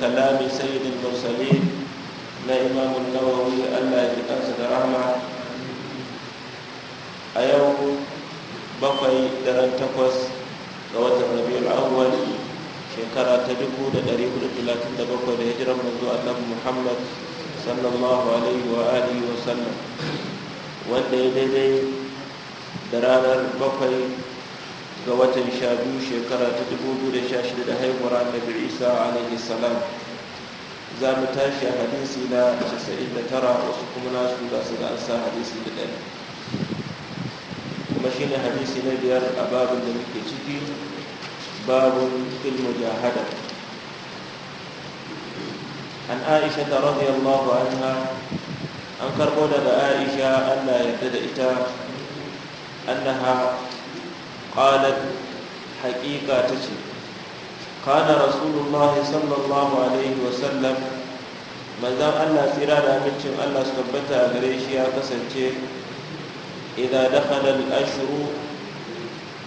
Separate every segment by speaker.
Speaker 1: كلام سيد المرسلين لا إمام النووي ألا يجلس رحمة أيوم بقي درن تقوس قوات الربيع الأول شكرا تدكو لدريب الثلاثين دقوة لهجرة منذ النبي محمد صلى الله عليه وآله وسلم wanda ya daidai da ranar bakwai ga watan sha biyu shekara ta dubu da sha shida da haihuwar annabi isa alaihi salam za mu tashi a hadisi na casa'in da tara wasu kuma nasu za su da an sa hadisi da ɗari kuma shi ne hadisi na biyar a babin da muke ciki babin ilmu jahada an aisha ta radiyallahu anha an karɓo daga aisha allah yadda da ita annaha قالت haqiqa tace kana رسول الله صلى الله عليه Allah tsira da سيرا Allah su tabbata gare shi ya kasance idan dakhala al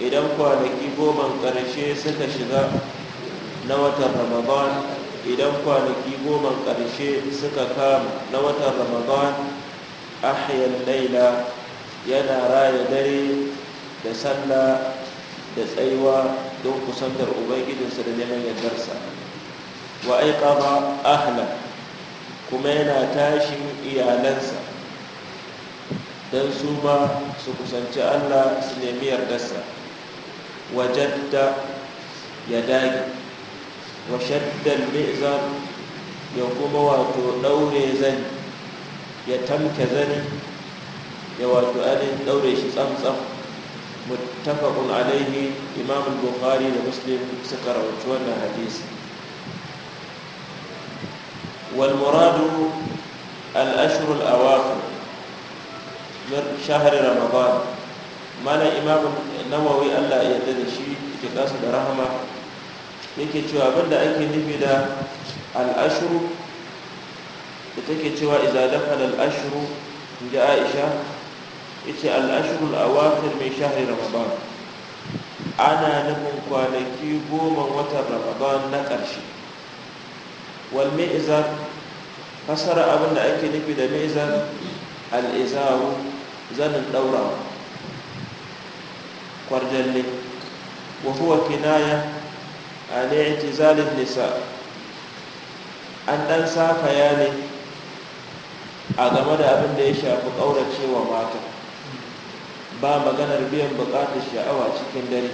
Speaker 1: idan kwanaki goma ƙarshe suka shiga na watan ramadan idan kwanaki goma ƙarshe suka kama na watan ramadan ahiyar laila yana raya dare da sallah da tsaiwa don kusantar ubangijinsa da neman yardarsa wa aikama ahla kuma yana tashin iyalansa don su ma su kusanci Allah su nemi yardarsa Wajen jadda ya dage wa shaddal mizan ya kuma wato daure zani ya tamke zani ya wato alin daure shi tsamtsam muttafaqun alaihi imam al-bukhari da muslim suka rawaito wannan hadisi wal muradu al-ashhur al min shahr ramadan mana imam nawawi Allah ya yarda da shi ke kasu da rahama yake cewa abinda ake nufi da al-ashhur da take cewa idza dakhala al-ashhur inda Aisha yace al a awakhir mai shahri ramadan ana nufin kwanaki goma watan ramadan na ƙarshe wal mi'zar fasara abin da ake nufi da mi'zar al-izaru zanin daurawa kwarjalle wa huwa kinaya an zalin nisa an ɗan safaya ne a game da abin da ya shafi kauracewa matan. ba maganar biyan bukatar sha'awa cikin dare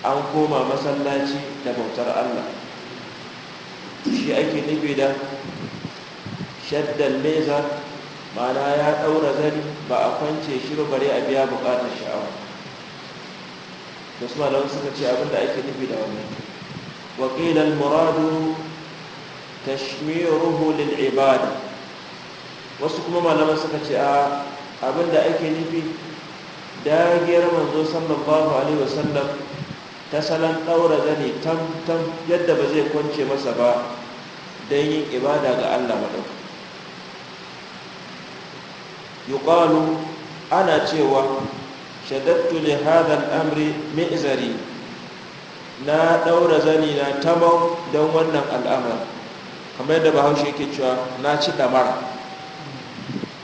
Speaker 1: an koma masallaci da bautar Allah shi ake nufi da shaddan meza. mana ya ɗaura zari ba a kwance shi bare a biya bukatar sha'awa wasu suka ce abinda ake nufi da wannan wakilan muradu tashmiruhu ruhu ibada wasu kuma malaman suka ce a abinda ake nufi dagiyar manzo sallallahu alaihi wasallam ta salon ɗaura zane tam yadda ba zai kwance masa ba don yin ibada ga allah madau yuqalu ana cewa shaddatu li hadha al-amri mi'zari na ɗaura zane na tamau don wannan al'amari kamar yadda bahaushe ke cewa na ci damara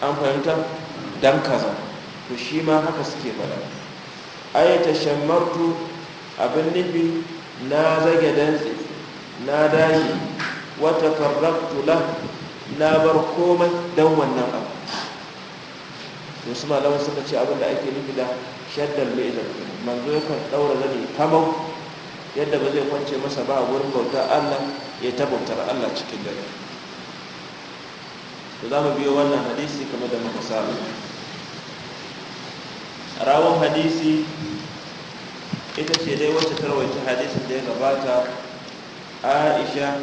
Speaker 1: an fahimta dan kaza to shi ma haka suke faɗa ayyata shammartu abin nufi na zage dantse na dage wata farraktu la na bar komai don wannan abu wasu suka ce abin da ake nufi da shaddar da manzo yakan ɗaura zane kamau yadda ba zai kwance masa ba a wurin bauta allah ya ta allah cikin dare to za mu biyo wannan hadisi kamar da muka saba rawon hadisi ita ce dai wacce tarwaci hadisin da ya gabata aisha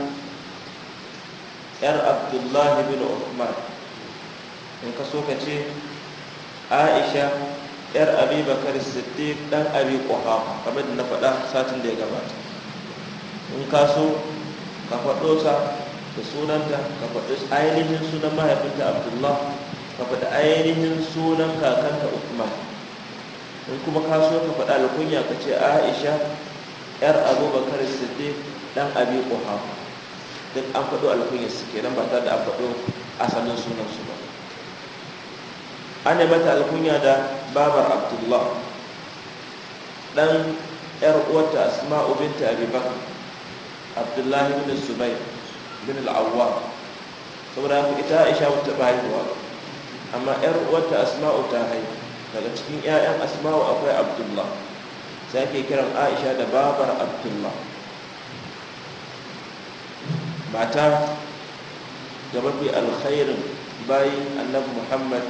Speaker 1: yar abdullahi bin uthman in ka so ka ce aisha yar abi bakar siddiq dan abi quhafa kamar da na faɗa satin da ya gabata in ka so ka faɗo sa da sunanta ka faɗi ainihin sunan mahaifinta Abdullahi, ka faɗi ainihin sunan kakanta uthman in kuma ka so ka faɗa alkunya ka ce aisha yar abubakar siddiq dan abi quhaf duk an faɗo alkunya su kenan ba tare da an faɗo asalin sunan su ba an yi mata alkunya da babar abdullah dan yar uwarta asma'u binta abi bakr abdullah ibn zubair bin al-awwam saboda ita aisha wata haihuwa amma yar uwarta asma'u ta haihu daga cikin 'ya'yan asma'u akwai abdullah sai ake kiran aisha da babar abdullah mata ga mafi alkhairin bayin annabi muhammad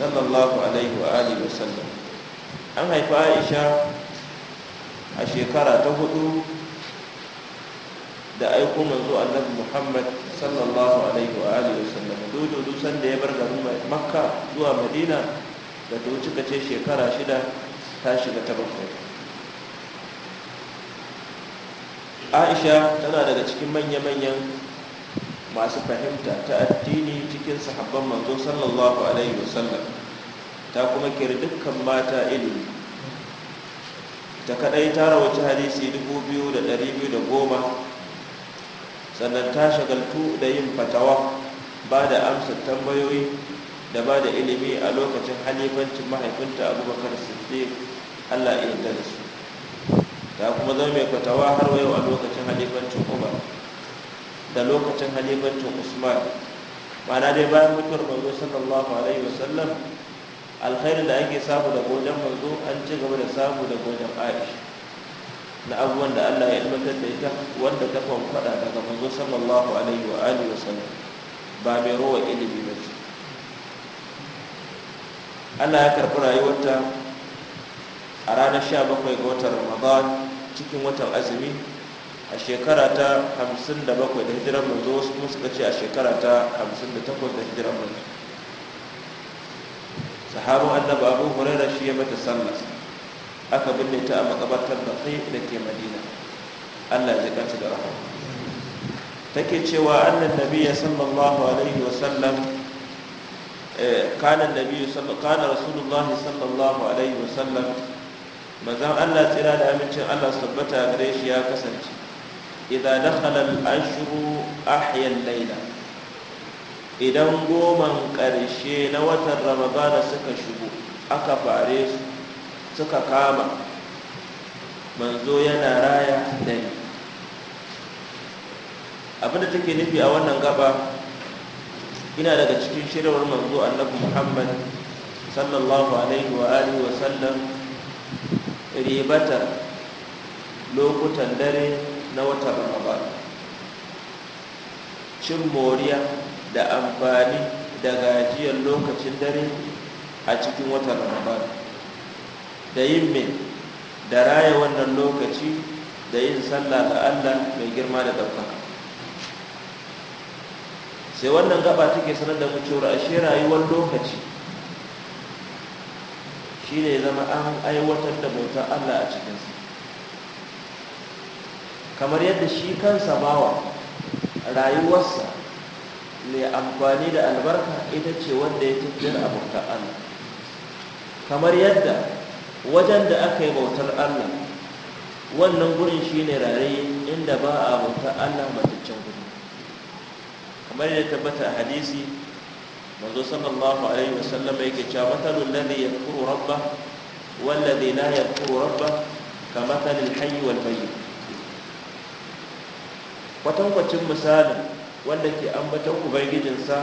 Speaker 1: sallallahu alaihi wa alihi wasallam an haifi aisha a shekara ta hudu da aiko manzo annabi muhammad sallallahu alaihi wa alihi wasallam dodo dusan da ya bar garin makka zuwa madina da ta wuce ce shekara shida ta shiga ta bakwai aisha tana daga cikin manya-manyan masu fahimta ta addini cikin sahabban manzo sallallahu alaihi wasallam ta kuma kira dukkan mata ilimi ta kadai ta rawaci hadisi 2210 sannan ta shagaltu da yin fatawa ba da amsa tambayoyi da ba da ilimi a lokacin halifancin mahaifinta abubakar siddiq allah iya yarda da su ta kuma zama mai kwatawa har wayo a lokacin halifancin umar da lokacin halifancin usman mana dai bayan mutuwar manzo sallallahu alaihi wasallam alkhairin da ake samu da gojen manzo an ci gaba da samu da gojen aisha na abubuwan da allah ya ilmantar da ita wanda ta kwan faɗa daga manzo sallallahu alaihi wa alihi wasallam ba mai rowa ilimi ba ce allah ya karɓi rayuwarta a ranar 17 ga watan ramadan cikin watan azumi a shekara ta 57 da hijirar manzo wasu kuma suka ce a shekara ta 58 da hijirar manzo sahabin annabi abu hurairar shi ya mata sallas aka binne ta a makabartar da kai da ke madina allah ya kanta da rahama take cewa annan nabi ya sallallahu alaihi wasallam كان النبي صلى كان رسول الله صلى الله عليه وسلم Allah tsira da amincin Allah sabbata gare shi ya kasance idza dakhala al-ashru ahya al-layla idan goman karshe na watan ramadana suka shigo aka fare su suka kama manzo yana raya dare abinda take nufi a wannan gaba ina daga cikin shirwar manzo annabi muhammad sallallahu alaihi wa alihi wa sallam Ribata lokutan dare na watan ramadan cin moriya da amfani da gajiyar lokacin dare a cikin watan ramadan da yin mai da raya wannan lokaci da yin sallah ga allah mai girma da ɗaukaka sai wannan gaba take sanar da mu cewa ashe rayuwar lokaci shi ne zama an aiwatar da bautar Allah a cikinsa kamar yadda shi kansa bawa rayuwarsa mai amfani da albarka ita ce wanda ya tafiyar a Allah kamar yadda wajen da aka yi bautar Allah wannan gurin shi ne inda ba a bautar Allah mataccen kamar ya tabbata a hadisi manzo sallallahu alaihi wasallam yake cewa matalul ladhi yakuru rabbah wal ladhi la yadhkuru rabbah kamatalil hayy wal mayyit kwacin misalin wanda ke ambaton sa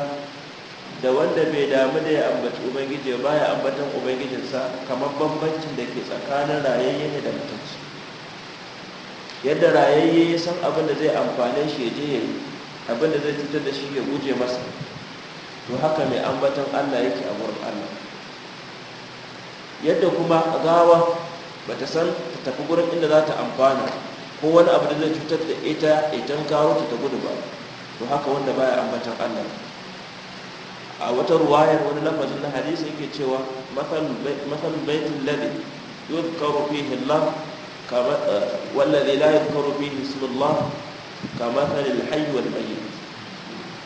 Speaker 1: da wanda bai damu da ya ambaci ubangiji ba ya ambaton sa kamar bambancin da ke tsakanin rayayye ne da mutunci yadda rayayye ya san abin da zai amfane shi ya je ya yi abin da zai cutar da shi ya guje masa to haka mai ambatan Allah yake a wurin Allah yadda kuma gawa ba ta san ta tafi gurin inda za ta amfana ko wani abu da zai cutar da ita idan gawa ta gudu ba to haka wanda baya ambatan Allah a wata ruwayar wani lafazin na hadisi yake cewa masal baitin ladhi yau fihi Allah kama eh, wallazi la yuzkaru fihi ismullah kamar tsarin haihuwar bayi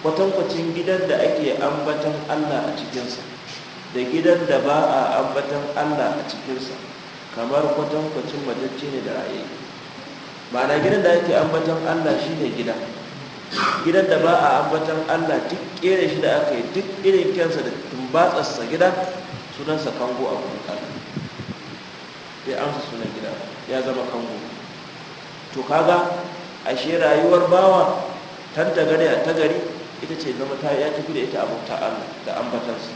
Speaker 1: kwatankwacin gidan da ake ambatan allah a cikinsa da gidan da ba a ambatan allah a cikinsa kamar kwatankwacin matacce ne da raye ma'ana gidan da ake ambatan allah shi ne gida gidan da ba a ambatan allah duk kere shi da aka yi duk irin kyansa da tumbatsarsa gida sunansa kango a kuma ya amsa sunan gida ya zama kango to kaga ashe rayuwar bawa tan ta gari ta gari ita ce zama ta ya tafi da ita abin Allah da ambatansa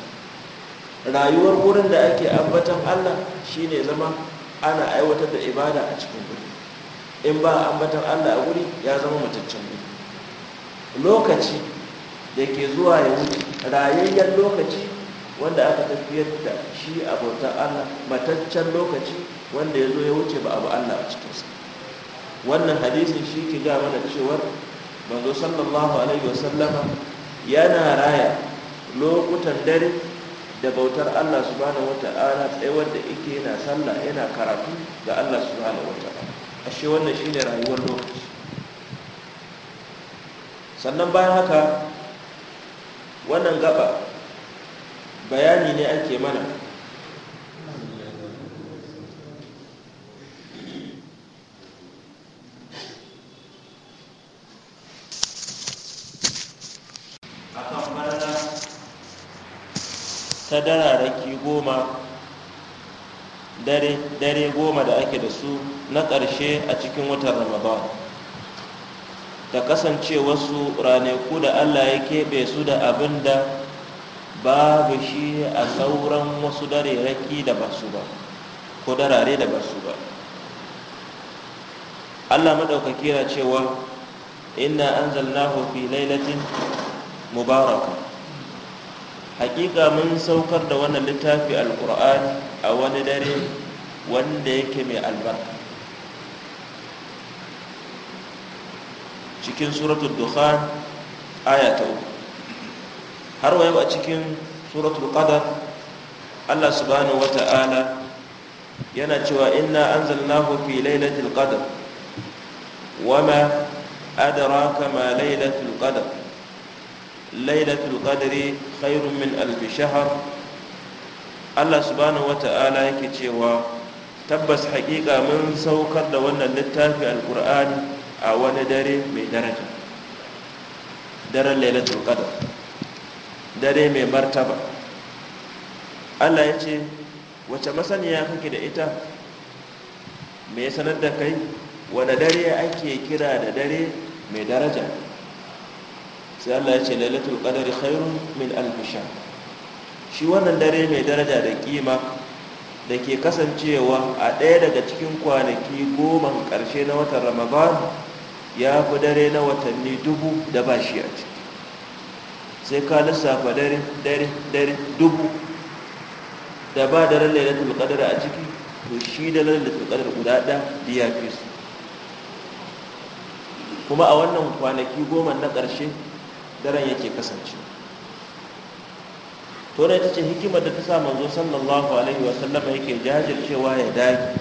Speaker 1: rayuwar gurin da ake ambatan Allah shine zama ana aiwatar da ibada a cikin guri in ba ambatan Allah a guri ya zama mataccen guri lokaci da ke zuwa ya wuce rayayyen lokaci wanda aka tafiyar da shi abota Allah mataccen lokaci wanda ya zo ya wuce ba abu Allah a cikinsa wannan hadisin shi ke ga mana cewar manzo sallallahu alaihi wasallama yana raya lokutan dare da bautar Allah subhanahu wata'ala tsaye wanda yake yana sallah yana karatu ga Allah subhanahu wata'ala ashe wannan shine rayuwar lokaci sannan bayan haka wannan gaba bayani ne ake mana ta raki goma dare goma da ake da su na ƙarshe a cikin watan ramadan da kasance wasu ranaku da allah ya keɓe su da abin da babu shi a sauran wasu dare raki da basu ba ko darare da basu ba allah maɗaukaki na cewa inna zalna fi lailatin mubaraka hakika mun saukar da wannan littafi alkur'ani a wani dare wanda yake mai albarka cikin suratul dukhan aya har wayo a cikin suratul qadar Allah subhanahu wata'ala yana cewa inna anzalnahu fi lailatul qadr wama adraka ma lailatul qadr lailatul qadri khairun min alf shahr Allah subhanahu wata'ala yake cewa tabbas haƙiƙa mun saukar da wannan littafi alqur'ani a wani dare mai daraja daren lailatul qadr dare mai martaba Allah ya ce wace masaniya kake da ita me sanar da kai wani dare ake kira da dare mai daraja sai Allah ya ce lailatul qadari khairun min alf shahr shi wannan dare mai daraja da kima da ke kasancewa a ɗaya daga cikin kwanaki goma ƙarshe na watan ramadan ya fi dare na watanni dubu da ba shi a ciki sai ka lissafa dare dare dare dubu da ba dare lailatul qadari a ciki to shi da lailatul qadari guda ɗaya biya fi kuma a wannan kwanaki goma na ƙarshe daren yake kasance to da ce hikimar da ta sa manzo sallallahu alaihi wa sallama yake jajircewa ya dage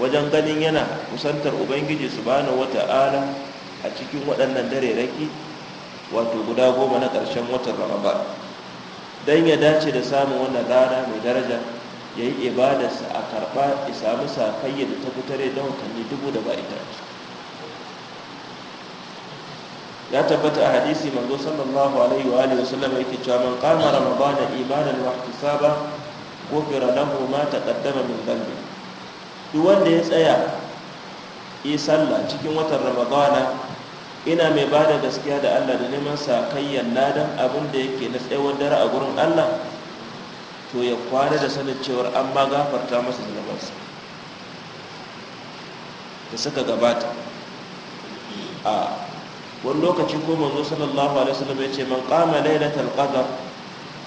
Speaker 1: wajen ganin yana kusantar ubangiji subhanahu wata'ala a cikin waɗannan dare raki wato guda goma na ƙarshen watan ramadan dan ya dace da samun wannan rana mai daraja yayi ibadarsa a karɓa ya samu sakayya da ta fitare da watanni dubu da ba ita ya tabbata a hadisi manzo sallallahu alaihi wa alihi wasallam yake cewa man qama ramadana imanan wa ihtisaba ghufira lahu ma taqaddama min dhanbi duk wanda ya tsaya yi sallah cikin watan ramadana ina mai bada gaskiya da Allah da neman sakayyan ladan abin da yake na tsayawar dare a gurin Allah to ya kwana da sanin cewar an ma gafarta masa zunubansa da suka gabata a wani lokaci ko manzo sallallahu alaihi wasallam ya ce man qama lailatul qadar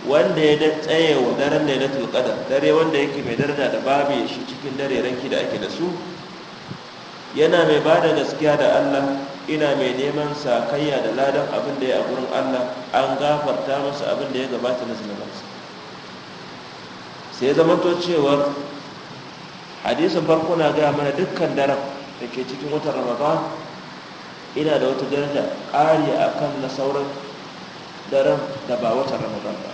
Speaker 1: wanda ya tsaye wa daren lailatul qadar dare wanda yake mai daraja da babu ya shi cikin dare ranki da ake da su
Speaker 2: yana mai bada gaskiya da Allah ina mai neman sakayya da ladan abin da ya a gurin Allah an gafarta masa abin da ya gabata na
Speaker 1: zunubansa sai zama to cewar hadisin farko na gaya mana dukkan daren da ke cikin watan ramadan ina da wata daraja ƙari a kan na sauran daren da ba wata ramadan ba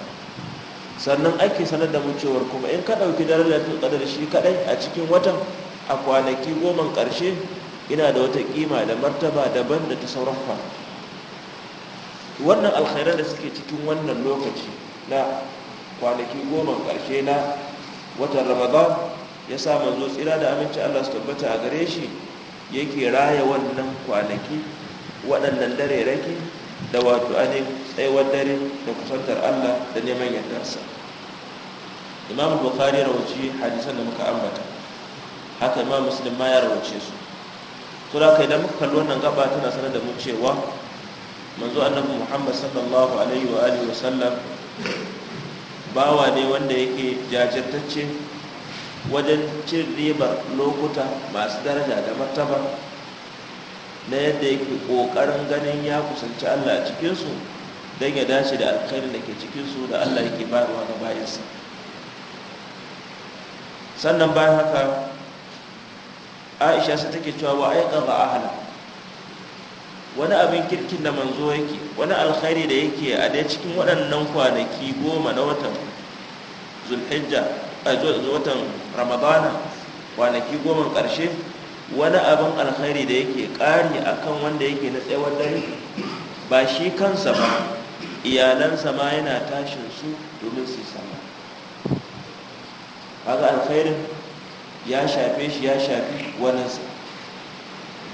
Speaker 1: sannan ake sanar da mu kuma in ka ɗauki darajar ƙadar shi kaɗai a cikin watan a kwanaki goman ƙarshe ina da wata ƙima da martaba daban da ta sauran wannan alkhairar da suke cikin wannan lokaci na kwanaki goma ƙarshe na watan ramadan ya sa manzo tsira da aminci allah su tabbata a gare shi yake raya wannan kwanaki waɗannan dare rake da wato anin tsayuwar dare da kusantar Allah da neman yardarsa imam bukari rawaci hadisan da muka ambata haka imam muslim ma ya rawace su to da kai da muka kalli wannan gaba tana sanar da mu cewa manzo annabi muhammad sallallahu alaihi wa alihi wa sallam bawa ne wanda yake jajirtacce wajen cin ribar lokuta masu daraja da martaba na yadda yake ƙoƙarin ganin ya kusanci allah a cikinsu don ya dace da alkhairin da ke cikinsu da allah yake bayarwa ga bayansa sannan bayan haka aisha su take cewa wa aika ga ahala wani abin kirkin da manzo yake wani alkhairi da yake a dai cikin waɗannan kwanaki goma na watan zulhijja a watan ramadana kwanaki goma ƙarshe wani abin alkhairi da yake a akan wanda yake na tsawon dare ba shi kansa ba iyalansa ma yana tashin su domin su sama haka alkhairin ya shafe shi ya shafi waninsa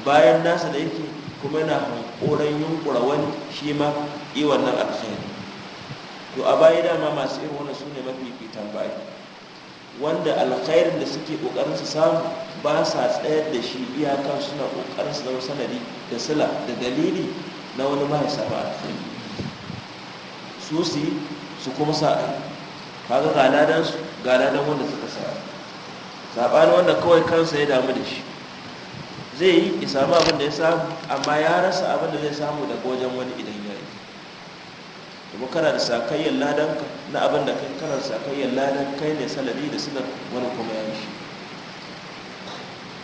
Speaker 1: bayan nasa da yake kuma yana hankoran yunkura wani shi ma yi alkhairi to a baya dama masu irin wani su ne fitan bayan wanda alkhairin da suke kokarin su samu ba sa tsayar da shi iyakan suna kokarin su zama sanadi da sila da dalili na wani mai safa su su su kuma sa ai kaga galadan su galadan wanda suka sa sabani wanda kawai kansa ya damu da shi zai yi ya samu abin da ya samu amma ya rasa abin da zai samu daga wajen wani idan ya yi kana da sakayyar ladanka na abin da kai karar sakayyar ladan kai ne sanadi da suna wani kuma ya shi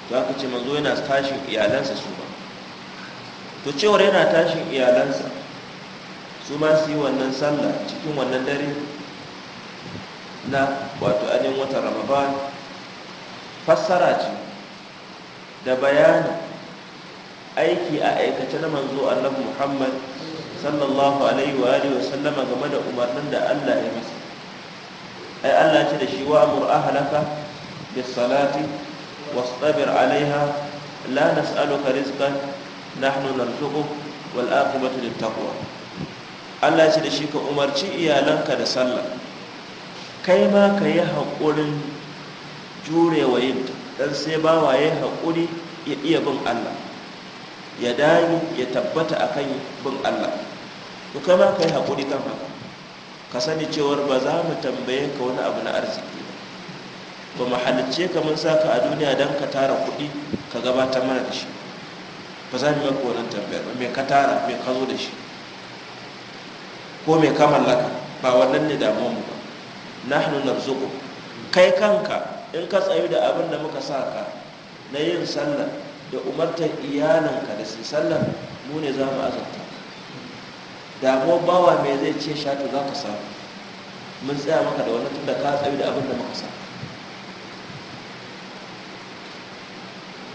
Speaker 1: za ce manzo yana tashin iyalansa su ba to cewar yana tashin iyalansa su ma su yi wannan sallah cikin wannan dare na wato ajin watan ramadan fassara ce da bayani aiki a aikace na manzo annabi muhammad sallallahu alaihi wa alihi wa sallama game da umarnin da Allah ya masa ai Allah ce da shi wa amur ahlaka bis salati wastabir alaiha la nas'aluka rizqan nahnu narzuquk wal aqibatu lit taqwa Allah ce da shi ka umarci iyalanka da sallah kai ma ka yi haƙurin jurewa yinta dan sai bawa ya haƙuri ya iya bin Allah ya dage ya tabbata akan bin Allah to kai ma ka yi haƙuri kan haka ka sani cewar ba za mu tambaye ka wani abu na arziki ba Ba mu halicce ka mun sa ka a duniya don ka tara kuɗi ka gabatar mana da shi ba za mu maka wannan tambayar ba mai ka tara mai ka zo da shi ko mai ka mallaka ba wannan ne damuwan mu ba hannun narzuqu kai kanka in ka tsayu da abin da muka sa ka na yin sallah da umartar iyalanka da su sallah mu ne za mu azurta damo bawa mai zai ce shato za ka samu mun tsaya maka da wani tunda ka tsaye da abin da muka samu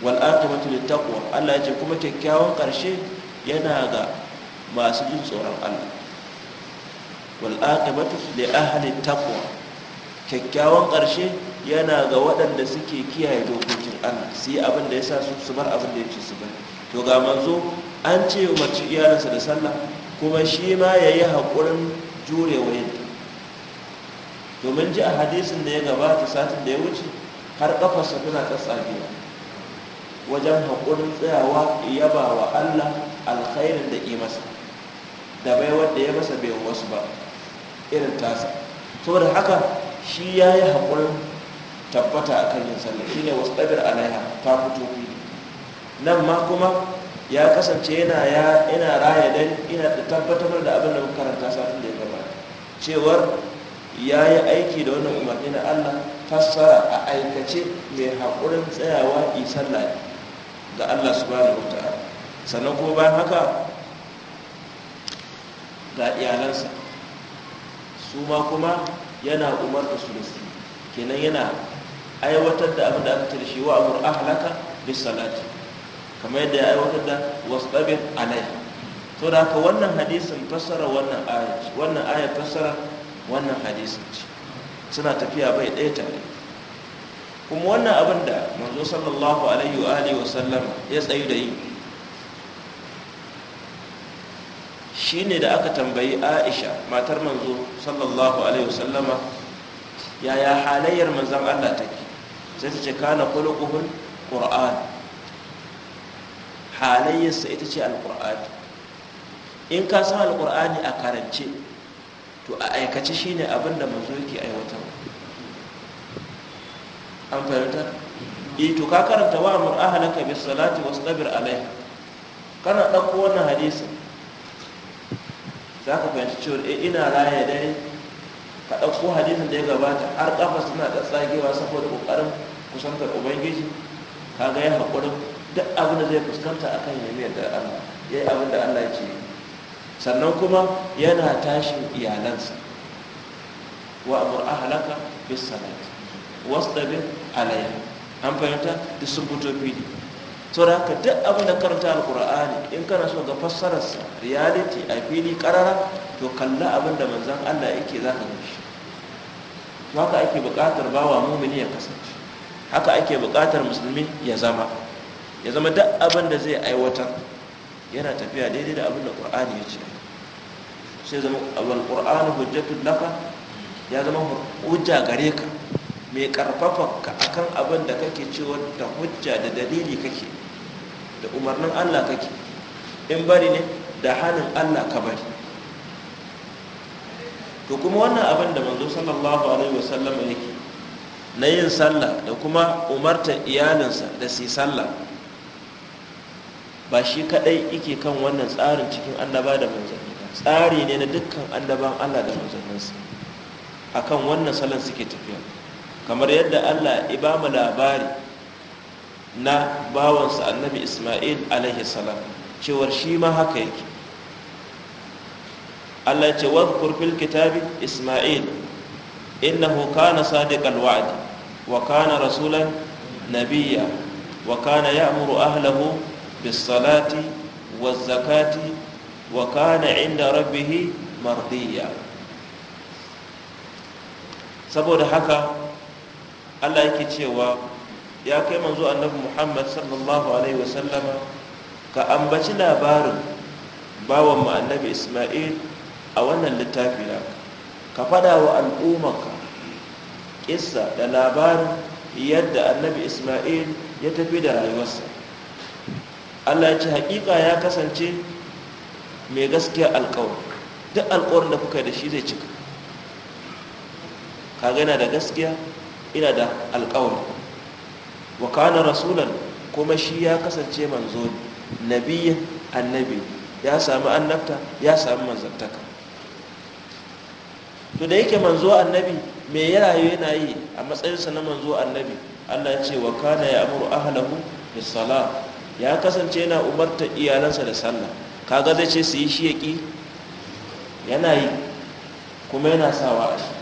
Speaker 1: wal aqibatu littaqwa Allah ce kuma kyakkyawan karshe yana ga masu jin tsoron Allah wal aqibatu li ahli taqwa kyakkyawan karshe yana ga waɗanda suke kiyaye dokokin Allah su yi abin da ya sa su su bar abin da ya ce su bar to ga manzo an ce umarci iyalansa da sallah kuma shi ma ya yi haƙurin jure wayanta domin ji a hadisin da ya gabata satin da ya wuce har ƙafarsa tana tsatsagewa wajen haƙurin tsayawa yaba wa allah alkhairin da ke masa da bai wadda ya masa bai wasu ba irin tasa saboda haka shi ya yi haƙurin tabbata a kan yin sallah shi ne wasu ɗabir alaiha ta fito nan ma kuma ya kasance yana ya ina raya dan ina da tabbatar da abin da muka karanta satin da ya gabata cewar ya yi aiki da wannan umarni na Allah fassara a aikace mai haƙurin tsayawa isar lafi ga Allah subhanahu wataala sannan kuma bayan haka ga iyalansa su ma kuma yana umarta su da su kenan yana aiwatar da abin da aka tarishi wa amur ahlaka bis salati kamar yadda ya aiwatar da wasbabin alai to da haka wannan hadisin fassara wannan aya wannan aya fassara wannan hadisin ce suna tafiya bai ɗaya tare kuma wannan abin da manzo sallallahu alaihi wa alihi wa sallam ya tsayi da yi shine da aka tambayi Aisha matar manzo sallallahu alaihi wa sallama yaya halayyar manzon Allah take sai ta ce kana khuluquhul qur'an halayyarsa ita ce alƙur'ani in ka san alƙur'ani a karance to a aikace shi ne abin da yake aiwatar an fahimta e to ka karanta wa amur ahalaka bis salati wasu ɗabir alai kana ɗauko wannan hadisi za ka fahimci cewa e ina raya dare ka ɗauko hadisin da ya gabata har ƙafa suna da tsagewa saboda ƙoƙarin kusantar ubangiji ka ga ya haƙurin duk abin da zai fuskanta a kan ya da Allah ya yi abin da Allah ce sannan kuma yana tashin iyalansa wa amur halaka bis salati wastabir alayha an fahimta da sun fito fili to da haka duk abin da karanta alkur'ani in kana so ga fassararsa reality a fili karara to kalla abin da manzan Allah yake za ka shi haka ake buƙatar bawa mumini ya kasance haka ake buƙatar musulmi ya zama ya zama duk abin da zai aiwatar yana tafiya daidai da abin da ƙur'ani ya ce sai zama abin ƙur'ani hujjatu laka ya zama hujja gare ka mai ƙarfafa ka kan abin da kake cewa ta hujja da dalili kake da umarnin Allah kake in bari ne da hannun Allah ka bari to kuma wannan abin da manzo sallallahu alaihi wasallam yake na yin sallah da kuma umartar iyalinsa da su sallah ba shi kadai yake kan wannan tsarin cikin annaba da manzanni tsari ne na dukkan annaban Allah da manzanninsa akan wannan salon suke tafiya kamar yadda Allah ya mu labari na bawansa annabi Ismail alaihi salam cewar shi ma haka yake Allah ya ce wadhkur fil kitabi Ismail innahu kana sadiqal wa'd wa kana rasulan nabiyya wa kana ya'muru ahlahu bisalati wa zakati wa kana inda rabbihi mardiya saboda haka Allah yake cewa ya kai manzo annabi Muhammad sallallahu alaihi wasallama ka ambaci labarin bawan mu annabi Isma'il a wannan littafi ka fada wa al'ummarka kissa da labarin yadda annabi Isma'il ya tafi da rayuwarsa Allah ya ce haƙiƙa ya kasance mai gaskiya alƙawar duk alƙawarin da kuka yi da shi zai cika kaga yana da gaskiya ina da alƙawar. wa kana rasulan kuma shi ya kasance manzo ne annabi ya sami annabta ya sami manzantaka to da yake manzo annabi mai ya rayu yana yi a matsayinsa na manzo annabi Allah ya ce wa kana ya amuru ahlahu bis salat ya kasance yana umarta iyalansa da sallah kaga zai ce su yi shi ƙi yana yi kuma yana sawa a shi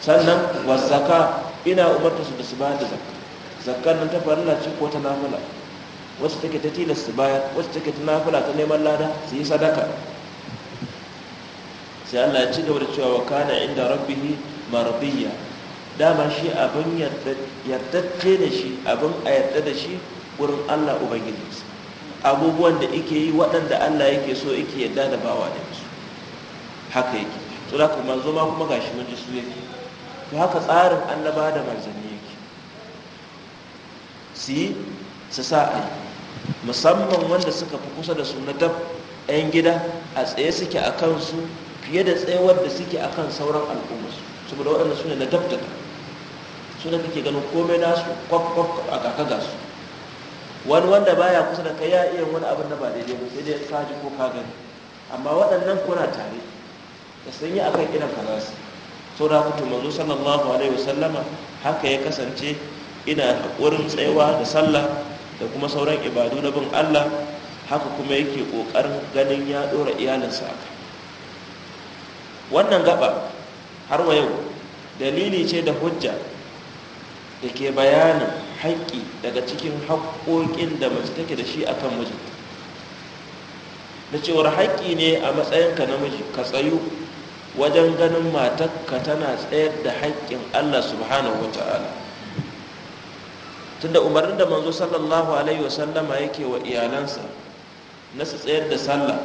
Speaker 1: sannan wazzaka ina umarta su da su bayar da zakka zakkar nan ta na ci ko ta nafila wasu take ta tilas su bayar wasu take ta nafula ta neman lada su yi sadaka sai Allah ya ci gaba da cewa wa kana inda rabbihi marbiya dama shi abin yardacce da shi abin a yarda da shi wurin Allah ubangijinsa abubuwan da yake yi waɗanda Allah yake so yake yadda da bawa da su haka yake to da kuma manzo ma kuma gashi mun ji su yake to haka tsarin annaba da manzanni yake su yi su sa a musamman wanda suka fi kusa da su na dab 'yan gida a tsaye suke a kansu fiye da tsayawar da suke a kan sauran al'umma su saboda waɗanda su ne na dab da su ne kake ganin komai nasu kwakwakwa a kakaga su wani wanda baya kusa da kai ya iya wani abin da ba daidai ba sai dai ka ji ko ka gani amma waɗannan kuna tare da sun yi akan irin kaza su saura kutu manzo sallallahu alaihi wasallama haka ya kasance ina haƙurin tsayawa da sallah da kuma sauran ibadu na bin Allah haka kuma yake ƙoƙarin ganin ya ɗora iyalinsa a kai wannan gaba har wa yau dalili ce da hujja da ke bayanin haƙƙi daga cikin haƙƙoƙin da mace take da shi akan mijinta da cewar haƙƙi ne a matsayinka na miji ka tsayu wajen ganin matakka tana tsayar da haƙƙin Allah subhanahu wa ta'ala tunda umarnin da manzo sallallahu alaihi wasallama yake wa iyalansa na su tsayar da sallah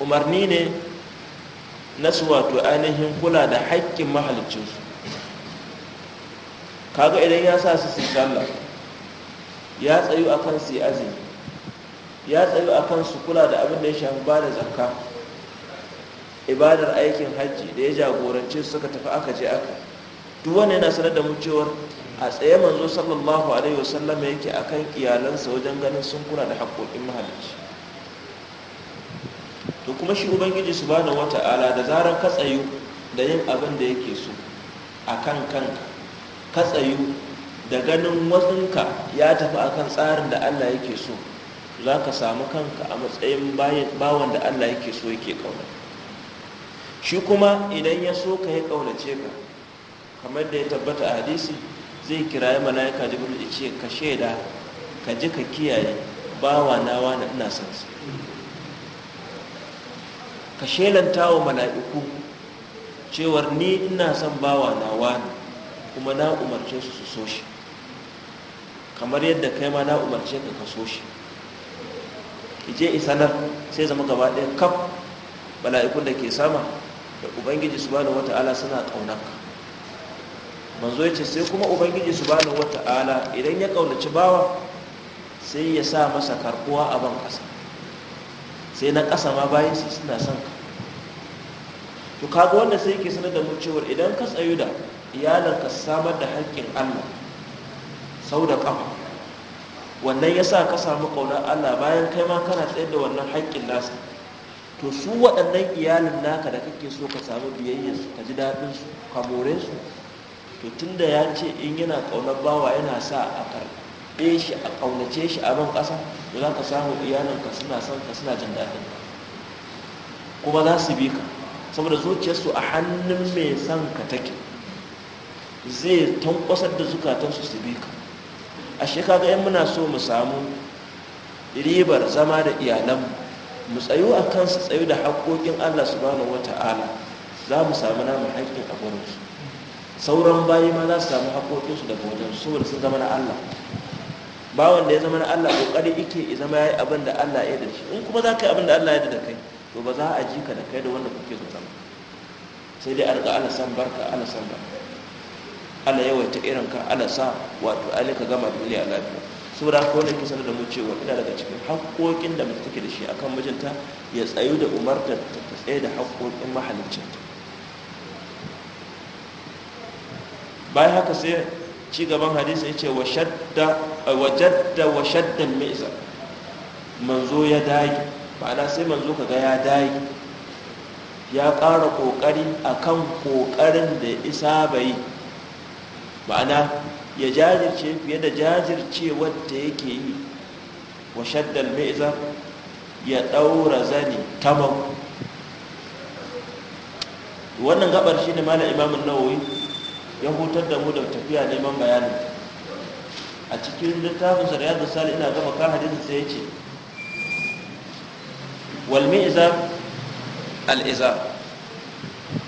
Speaker 1: umarni ne na su wato ainihin kula da haƙƙin mahalicinsu kaga idan ya sa su su sallah ya tsayu a kan su azumi ya tsayu a kan su kula da abin da ya shafi ba da zakka ibadar aikin hajji da ya jagorance su suka tafi aka je aka duk wani yana sanar da mu a tsaye manzo sallallahu alaihi wasallam yake akan iyalansa wajen ganin sun kula da haƙoƙin mahalicci to kuma shi ubangiji subhanahu wata'ala da zarar ka tsayu da yin abin da yake so akan kanka ka tsayu da ganin wasunka ya tafi akan tsarin da Allah yake so za ka samu kanka a matsayin bawan da Allah yake so yake kauna shi kuma idan ya so ka ya kaunace ka kamar da ya tabbata a hadisi zai kira mala'ika jibril ya ce ka shaida ka ji ka kiyaye bawa na wani ina san su ka shelanta wa mala'iku cewar ni ina son bawa na wani kuma na umarce su su so shi kamar yadda kai ma na umarce ka ka so shi ije isanar sai zama gaba ɗaya kaf bala'ikun da ke sama da ubangiji su subhanahu wata'ala suna ƙaunarka manzo yace sai kuma ubangiji su subhanahu wata'ala idan ya ƙaunaci bawa sai ya sa masa karbuwa a ban ƙasa sai na ƙasa ma bayan su suna son ka to kaga wanda sai yake sanar da mu cewa idan ka tsayu da iyalanka samar da haƙƙin Allah sau da ƙafa wannan ya sa ka samu ƙaunar Allah bayan kai ma kana tsaye da wannan haƙƙin nasa to su waɗannan iyalin naka da kake so ka samu biyayyarsu ka ji daɗinsu ka more su to tun da ya ce in yana ƙaunar bawa yana sa a karɓe shi a ƙaunace shi a ban ƙasa to za ka samu iyalinka suna son ka suna jin daɗin kuma za su bi ka saboda zuciyarsu a hannun mai son ka take zai tankwasar da zukatansu su bi ka a shekaga yan muna so mu samu ribar zama da iyalanmu mu tsayo a kansu tsayo da haƙoƙin allah subhanahu wata'ala za mu samu namun haƙƙin a gurinsu sauran bayi ma za su samu haƙoƙinsu daga wajen saboda sun zama na allah bawan da ya zama na allah ƙoƙari ike ya zama ya yi abin da allah ya da shi in kuma za ka yi abin da allah ya da kai to ba za a ji ka da kai da wanda kuke zo zama sai dai a riga allah san barka allah san barka ana yawaita irin ka ana sa wato ali ka gama duniya lafiya saboda haka wannan ke da mu cewa ina daga cikin haƙoƙin da mace take da shi akan mijinta ya tsayu da umarta ta tsaye da haƙoƙin mahaliccinta bayan haka sai ci gaban hadisi ya ce wa jadda wa shaddan maiza manzo ya ba ma'ana sai manzo kaga ya dage ya ƙara ƙoƙari akan ƙoƙarin da isa bai ma'ana ya jajirce fiye da jajirce wadda yake yi wa shaddal maiza ya ɗaura zani tamam wannan gabar shi ne mana imamun nawoyi ya hutar da mu da tafiya neman bayanin a cikin littafin sarayar da sali ina gama kan hadisin sai ya ce walmi izar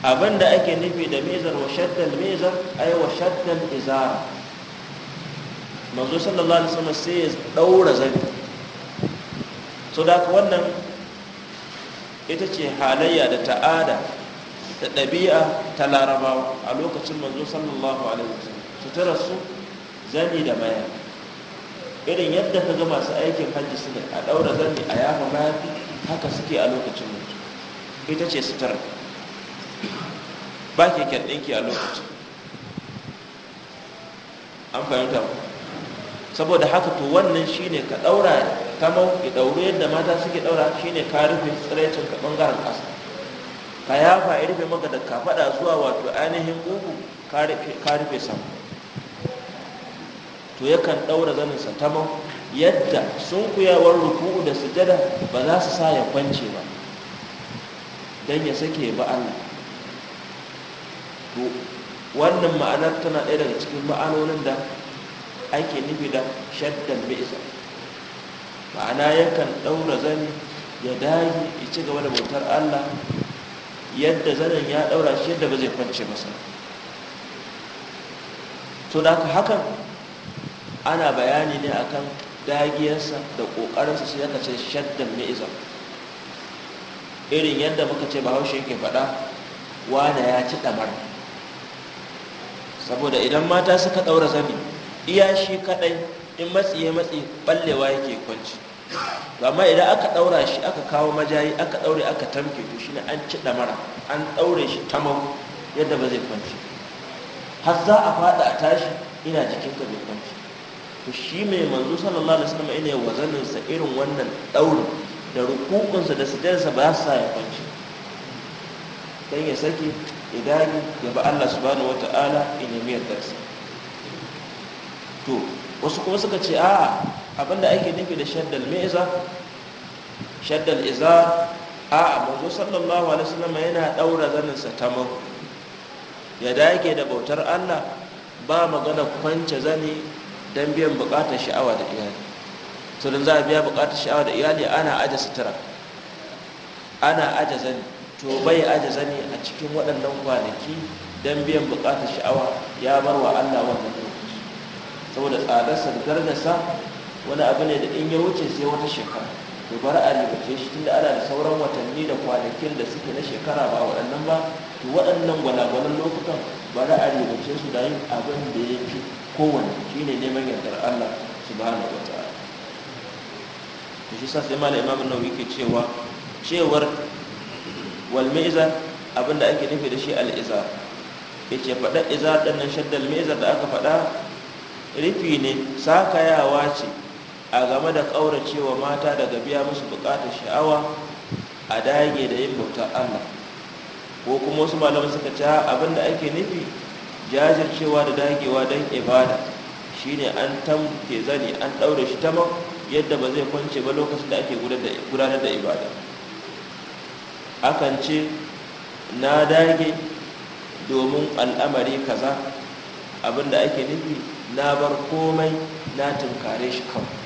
Speaker 1: abinda ake nufi da mizar wa shaddal mizar ai wa shaddal izar manzo sallallahu alaihi wasallam sai ya daura zabi so da wannan ita ce halayya da ta'ada da ɗabi'a ta larabawa a lokacin manzo sallallahu alaihi wasallam suturar su zani da maya irin yadda ka ga masu aikin hajji suna a daura zani a yafa mafi haka suke a lokacin mutu ita ce suturar ba keken ɗinki a lokaci an fahimta ba. saboda haka to wannan shine ka ɗaura kamau ki ɗauru yadda mata suke ɗaura shine ka rufe tsiraicin ka ɓangaren ƙasa ka yafa ya rufe maka da ka faɗa zuwa wato ainihin ƙugu ka rufe sama to yakan ɗaura zaninsa tamau yadda sunkuyawar ruku'u da sujada ba za su sa ya kwance ba don ya sake ba Allah to wannan ma'anar tana ɗaya daga cikin ma'anonin da ake nufi da shaddan bisa ma'ana yakan ɗaura zani ya dage ya ci gaba da bautar allah yadda zanen ya ɗaura shi yadda ba zai kwance masa to da hakan ana bayani ne akan dagiyarsa da ƙoƙarinsa sai aka ce shaddan mi'izam irin yadda muka ce bahaushe yake faɗa wane ya ci ɗamar saboda idan mata suka ɗaura zani iya shi kaɗai in matsi ya matsi ɓallewa yake kwanci amma idan aka ɗaura shi aka kawo majayi aka ɗaure aka tamke to shine an ci ɗamara an ɗaure shi tamau yadda ba zai kwanci har za a fada a tashi ina jikinka bai kwanci to shi mai manzo sallallahu alaihi wasallam ina wazaninsa irin wannan ɗaurin da rukukunsa da sujadarsa ba za su sa ya kwanci Dan ya sake idani ba Allah subhanahu wata'ala in yi yardarsa to wasu kuma suka ce a abinda ake nufi da shaddal meza shaddal iza a manzo sallallahu alaihi wasallam yana daura ta mako ya dage da bautar Allah ba magana kwance zane don biyan bukatar sha'awa da iyali to za a biya bukatar sha'awa da iyali ana aje sutura ana aje zane to bai aje zani a cikin waɗannan kwanaki don biyan buƙatar sha'awa ya bar wa Allah wannan lokaci saboda tsadarsa da gargasa wani abu ne da in ya wuce sai wata shekara to bar a ribace shi tunda ana da sauran watanni da kwanakin da suke na shekara ba waɗannan ba to waɗannan gwalagwalan lokutan bar a ribace su da yin abin da ya fi kowane shi neman yardar Allah subhanahu ba to shi sa sai malam imamu cewa cewar walmizan abinda ake nufi da shi aliza ya ce faɗa iza ɗannan shaddal mizar da aka faɗa rufi ne sakayawa ce a game da ƙauracewa mata daga biya musu buƙatar sha'awa a dage da yin bautar Allah ko kuma wasu malamai suka abin da ake nufi jajircewa da dagewa don ibada shine an tamke zane an ɗaure shi tamam yadda ba zai kwance ba lokacin da ake gudanar da ibada akan ce na dage domin al'amari kaza abinda ake nufi na bar komai na tunkare shi kawai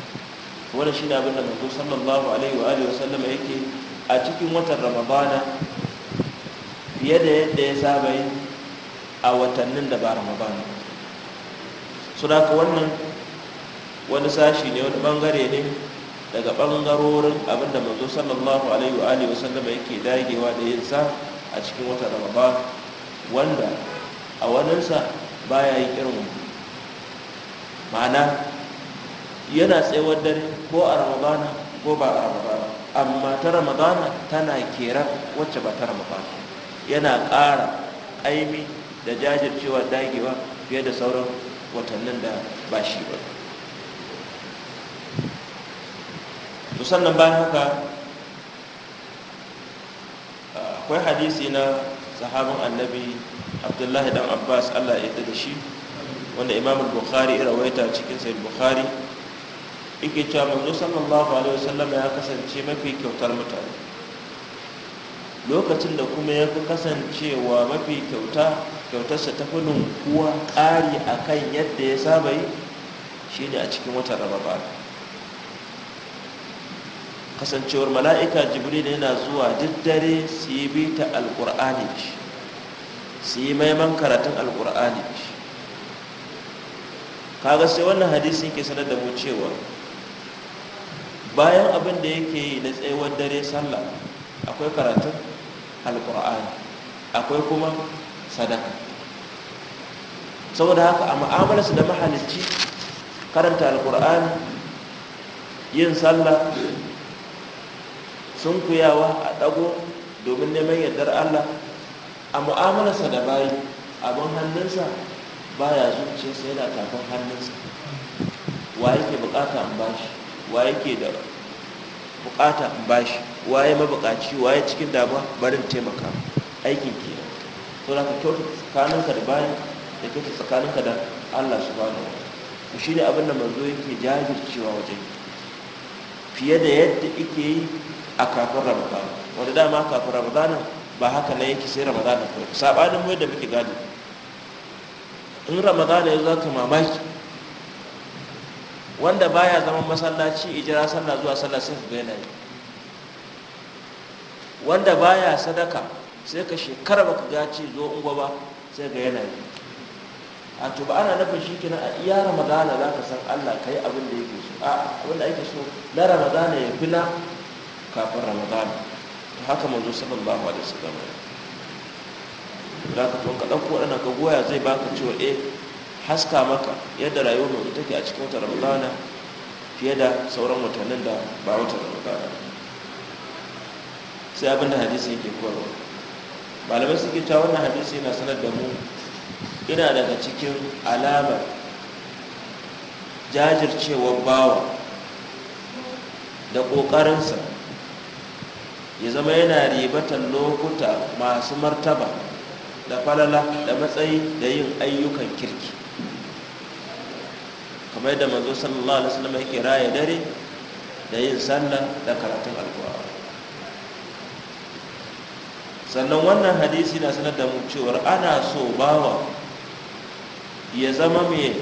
Speaker 1: wani shi ne abinda manzo sallallahu alaihi wa alihi yake a cikin watan ramadana fiye da yadda ya saba yi a watannin da ba ramadana su da wannan wani sashi ne wani bangare ne daga ɓangarorin abinda mazo sallallahu alaihi wa alihi wasallama yake dagewa da yin sa a cikin wata ramadan wanda a waninsa baya yi irin ma'ana yana tsayawar dare ko a ramadana ko ba a ramadana amma ta ramadana tana kera wacce ba ta ramadana yana ƙara aimi da jajircewa dagewa fiye da sauran watannin da ba shi ba to sannan bayan haka akwai hadisi na sahabin annabi abdullahi dan abbas allah ya da shi wanda imam bukhari rawaita cikin sayyid bukhari yake cewa manzo sallallahu alaihi wasallam ya kasance mafi kyautar mutane lokacin da kuma ya fi kasancewa mafi kyauta kyautarsa ta fi kuwa ƙari akan yadda ya saba yi shi ne a cikin watan ramadan kasancewar mala'ika jibril yana zuwa duk dare su yi bita alƙur'ani su yi maiman karatun alƙur'ani kaga sai wannan hadisi ke sanar da mu cewa bayan abin da yake yi na tsayuwar dare sallah akwai karatun alƙur'ani akwai kuma sadaka saboda haka a ma'amalarsa da mahalicci karanta alƙur'ani yin sallah sunkuyawa a ɗago domin neman yardar allah a mu'amalarsa da bayi abin hannunsa baya sai da tafin hannunsa wa yake bukata in bashi wa yake da bukata in bashi wa ya mabukaci wa ya cikin damuwa barin taimaka aikin ke to da ka kyauta tsakaninka da bayan da kyauta tsakaninka da allah su bada wa shi ne abin da manzo yake jajircewa wajen fiye da yadda ike yi a kafin ramadan wanda dama kafin ramadana ba haka na yake sai ramadana kawai sabanin mu da muke gani in ramadana ya ka mamaki wanda baya zaman masallaci ijira sallah zuwa sallah sai ga yana wanda baya sadaka sai ka shekara baka gaci zo in ba sai ga yana a to ba ana nufin shi kenan a iya ramadana za ka san allah ka yi abin da yake so a abin da ake so na ramadana ya fi na kafin ramadan haka manzo sallallahu alaihi wasallam da ka to ka dauko wadana ka goya zai baka cewa eh haska maka yadda rayuwar mutum take a cikin wata ramadana fiye da sauran watannin da ba wata ramadana sai abinda hadisi yake koyarwa malamai suke cewa wannan hadisi yana sanar da mu ina daga cikin alamar jajircewar bawa da ƙoƙarinsa ya zama yana ribatan lokuta masu martaba da falala da matsayi da yin ayyukan kirki kamar yadda mazo sallallahu alaihi wasallam yake raya dare da yin sallah da karatun alkur'ani sannan wannan hadisi na sanar da mu cewar ana so bawa ya zama mai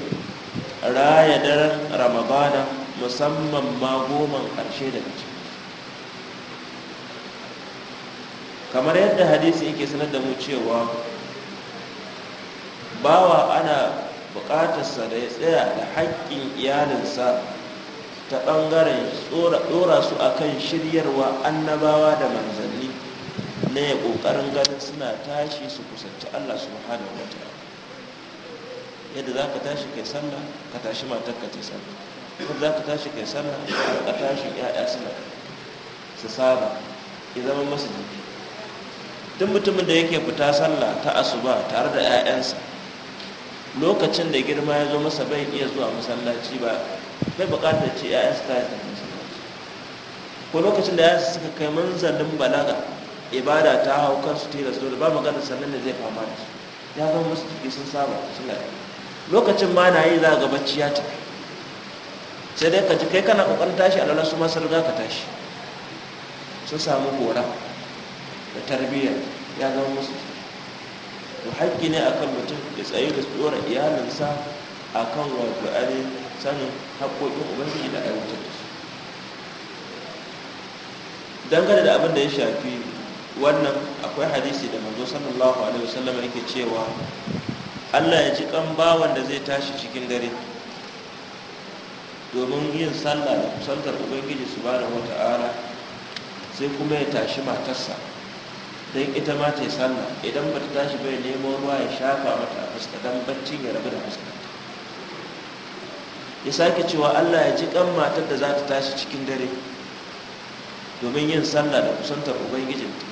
Speaker 1: raya daren ramadana musamman ma goma ƙarshe da ciki
Speaker 2: kamar yadda hadisi
Speaker 1: yake sanar da mu cewa bawa ana bukatarsa da ya tsaya da haƙƙin iyalinsa ta ɓangaren tsora su a kan shiryarwa annabawa da manzanni na ya ƙoƙarin ganin suna tashi su kusanci allah su wa wata yadda za ka tashi kai sallah ka tashi matar ka ce sallah yadda za ka tashi kai sallah ka tashi 'ya'ya suna su saba ya zama masu jiki duk mutumin da yake fita sallah ta asuba tare da 'ya'yansa lokacin da girma ya zo masa bai iya zuwa masallaci ba bai bukatar ce 'ya'yansa ta yi masallaci ko lokacin da 'ya'yansa suka kai manzalin balaga ibada ta hau kansu tilas dole ba maganar sannan da zai fama da su ya zama musu tafi sun saba suna lokacin ma na yi za ga bacci ya tafi sai dai ka ji kai kana kokarin tashi a lalasu masu riga ka tashi sun samu gora da tarbiyya ya zama musu to haƙƙi ne akan mutum ya tsaye da tsoron iyalinsa a kan wato ane sanin haƙƙoƙin ubangiji da aiwatar da su dangane da abin da ya shafi wannan akwai hadisi da manzo sallallahu alaihi wasallam yake cewa Allah ya ci kan bawan da zai tashi cikin dare domin yin sallah da kusantar ubangiji su ba wata wata'ala sai kuma ya tashi matarsa Dan ita ma ta yi sallah idan ba ta tashi bai nemo ruwa ya shafa mata a fuska don baccin ya rabu da fuska ya sake cewa allah ya ji kan matar da za ta tashi cikin dare domin yin sallah da kusantar ubangijinta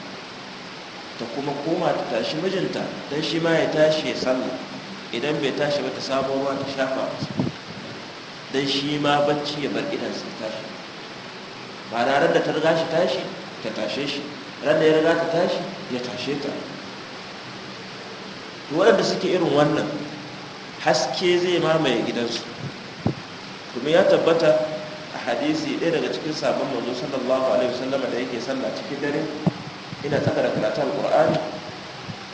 Speaker 1: ta kuma koma ta tashi mijinta don shi ma ya tashi ya sallah idan bai tashi ba ta samu ruwa ta shafa masa don shi ma bacci ya bar gidansa tashi ba da ta riga shi tashi ta tashe shi ran da ya riga ta tashi ya tashe ta to waɗanda suke irin wannan haske zai mamaye gidansu kuma ya tabbata a hadisi ɗaya daga cikin sabon manzo sallallahu alaihi wasallama da yake sallah cikin dare ina tsaka da karatu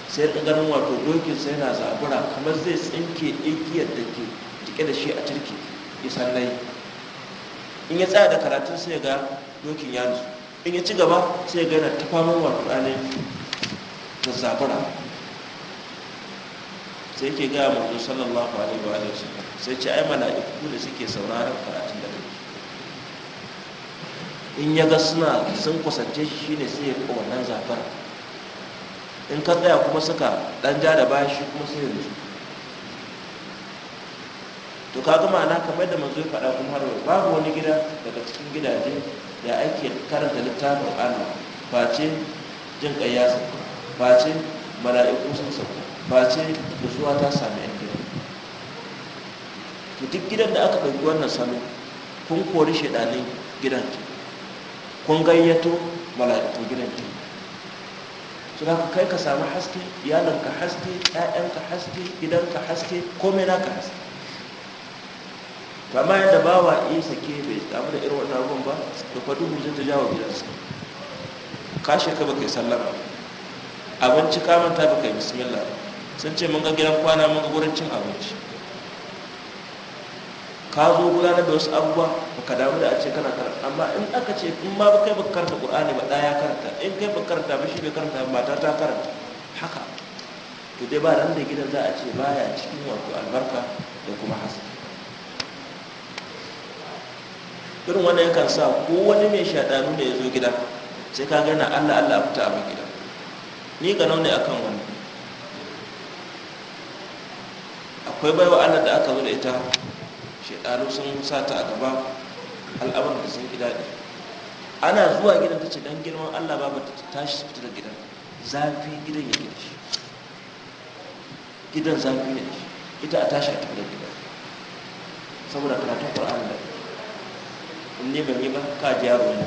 Speaker 1: sai ka ganin wato dokin sai yana zabura kamar zai tsinke igiyar da ke jike da shi a turki sallai in ya tsaya da karatun sai ga dokin ya in ya ci gaba sai gana ta faman wa da zazzafura sai ke gaya manzo sallallahu alaihi wa alaihi sai ce ai mala'iku da suke sauraron karatun da kai in ya ga suna sun kusance shi shine sai ya rika wannan zafara in ka tsaya kuma suka dan ja da bayan shi kuma sai ya rufe to kaga ma'ana kamar da manzo ya faɗa kuma har babu wani gida daga cikin gidaje da ake karanta littafin Allah face jin ƙayya face mala'iku sun sauka face nutsuwa ta sami yan gida to duk gidan da aka ɗauki wannan salo kun kori shaidanin gidan ki kun gayyato mala'iku gidan ki su da kai ka samu haske iyalanka haske 'ya'yanka haske gidanka haske komai ka haske kama yadda wa isa ke bai damu da irin wannan abin ba to fa duhu zai ta jawo gidansa ka baka yi sallama abinci kamar ta baka yi bismillah sun ce mun ga gidan kwana mun ga gurin cin abinci ka zo gudanar da wasu abubuwa baka damu da a ce kana karanta amma in aka ce in ma kai baka karanta qur'ani ba ɗaya karanta in kai baka karanta ba shi bai karanta ba mata ta karanta haka to dai ba ran da gidan za a ce baya cikin wato albarka da kuma haske irin wannan yakan sa ko wani mai shaɗanu da ya zo gida sai ka gana allah allah a fita abin gida ni ga nau ne akan wani akwai baiwa allah da aka zo da ita shaɗanu sun sa ta a gaba al'amuran da sun gida ne ana zuwa gidan ta ce don girman allah ba ta tashi fita da gidan zafi gidan ya gida shi gidan zafi ne ita a tashi a tafi da gida saboda karatun ƙwar'an da in ni ban yi ba ka ji yaro ne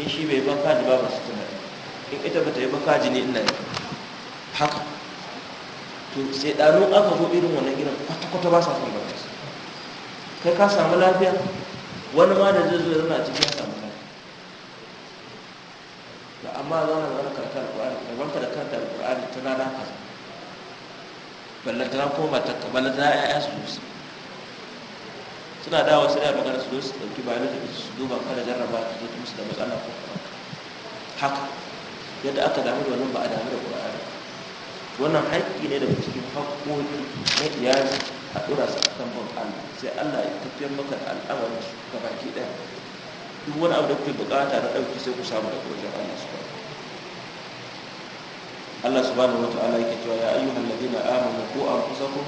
Speaker 1: in shi bai ba ka ji ba ba su tuna in ita ba ta yi ba ka ji ne ina yi haka to sai ɗanu aka zo irin wannan gidan kwata-kwata ba sa son ba kai ka samu lafiya wani ma da zai zo ya zana cikin samu lafiya da amma zauna zauna karkar da rabonka da karkar alƙur'ani ta rana kaza ballantana ko matakka ballantana 'ya'ya su sosai suna da wasu da magana su zo su dauki biology su duba kada jarraba su zo musu da matsala ko haka yadda aka damu da wannan ba a damu da qur'ani wannan haƙƙi ne daga cikin haƙƙoƙi na iyali a ɗora su a kan ban Allah sai Allah ya tafiyar maka da al'amarin su ga baki ɗaya duk wani abu da kuke buƙata na ɗauki sai ku samu daga wajen Allah su Allah subhanahu wa ta'ala yake cewa ya ayyuhal ladina amanu qu anfusakum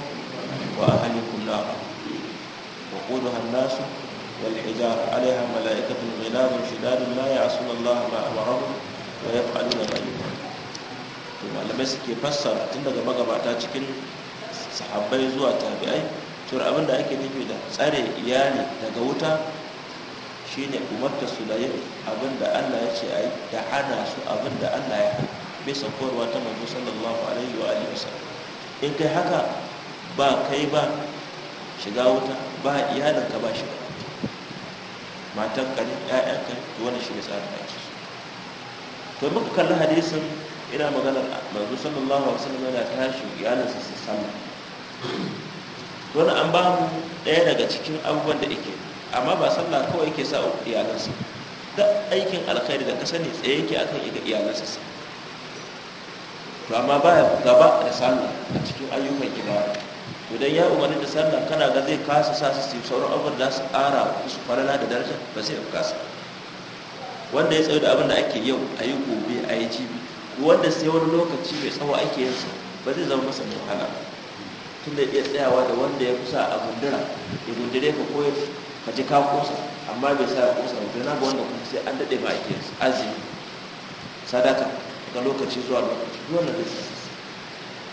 Speaker 1: wa ahlikum nara وقودها الناس والحجارة عليها ملائكة غلاظ شداد لا يعصون الله ما أمرهم ويفعلون ما يؤمرون to malamai suke fassara tun daga magabata cikin sahabai zuwa tabi'ai cewar abin da ake nufi da tsare iyali daga wuta shine umarta su da yin abin da Allah ya ce a yi da hana su abin da Allah ya hana bisa korwa ta manzo sallallahu alaihi wa alihi wasallam in kai haka ba kai ba shiga wuta ba iyalinka ba shi matanka ne 'ya'yanka to wannan shi ne tsarin aiki. to muka kalli hadisin ina maganar manzo sallallahu alaihi wasallam yana tashi iyalinsa su sama to an ba mu ɗaya daga cikin abubuwan da yake amma ba sallah kawai yake sa iyalansa da aikin alkhairi da ka sani tsaye yake akan iga iyalansa sa to amma baya gaba da sallah a cikin ayyukan ibada idan ya umarni da sallah kana ga zai kasa sa su sauran abin da su ƙara su falala da daraja ba zai kasa wanda ya tsayo da abin da ake yau a yi gobe a yi jibi wanda sai wani lokaci mai tsawo ake yin sa ba zai zama masa wahala tun da iya tsayawa da wanda ya kusa a gundura ya gundure ka koyar ka ji ka kusa amma bai sa ya kusa ba na ga wanda kuma sai an dade ba ake yin azumi sadaka ga lokaci zuwa lokaci wannan da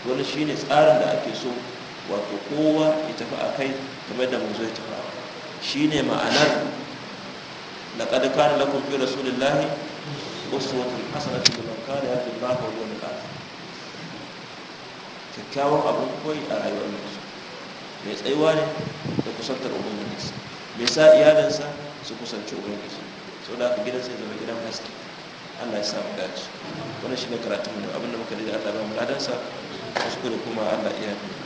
Speaker 1: wani shine tsarin da ake so wato kowa ya tafi a kai kamar da manzo ya tafi a kai shi ne ma'anar na rasulun lahi Wasu wata rasulillahi da hasanatun da kana yarjullaha wal yawmil akhir kyakkyawan abin koyi a rayuwar nasu mai tsayuwa ne da kusantar ubangiji mai sa iyalinsa su kusanci ubangiji sau da aka gidan sai zama gidan haske allah ya samu dace wannan shi ne karatun mu abinda muka da allah ba mu ladansa wasu kuma allah iya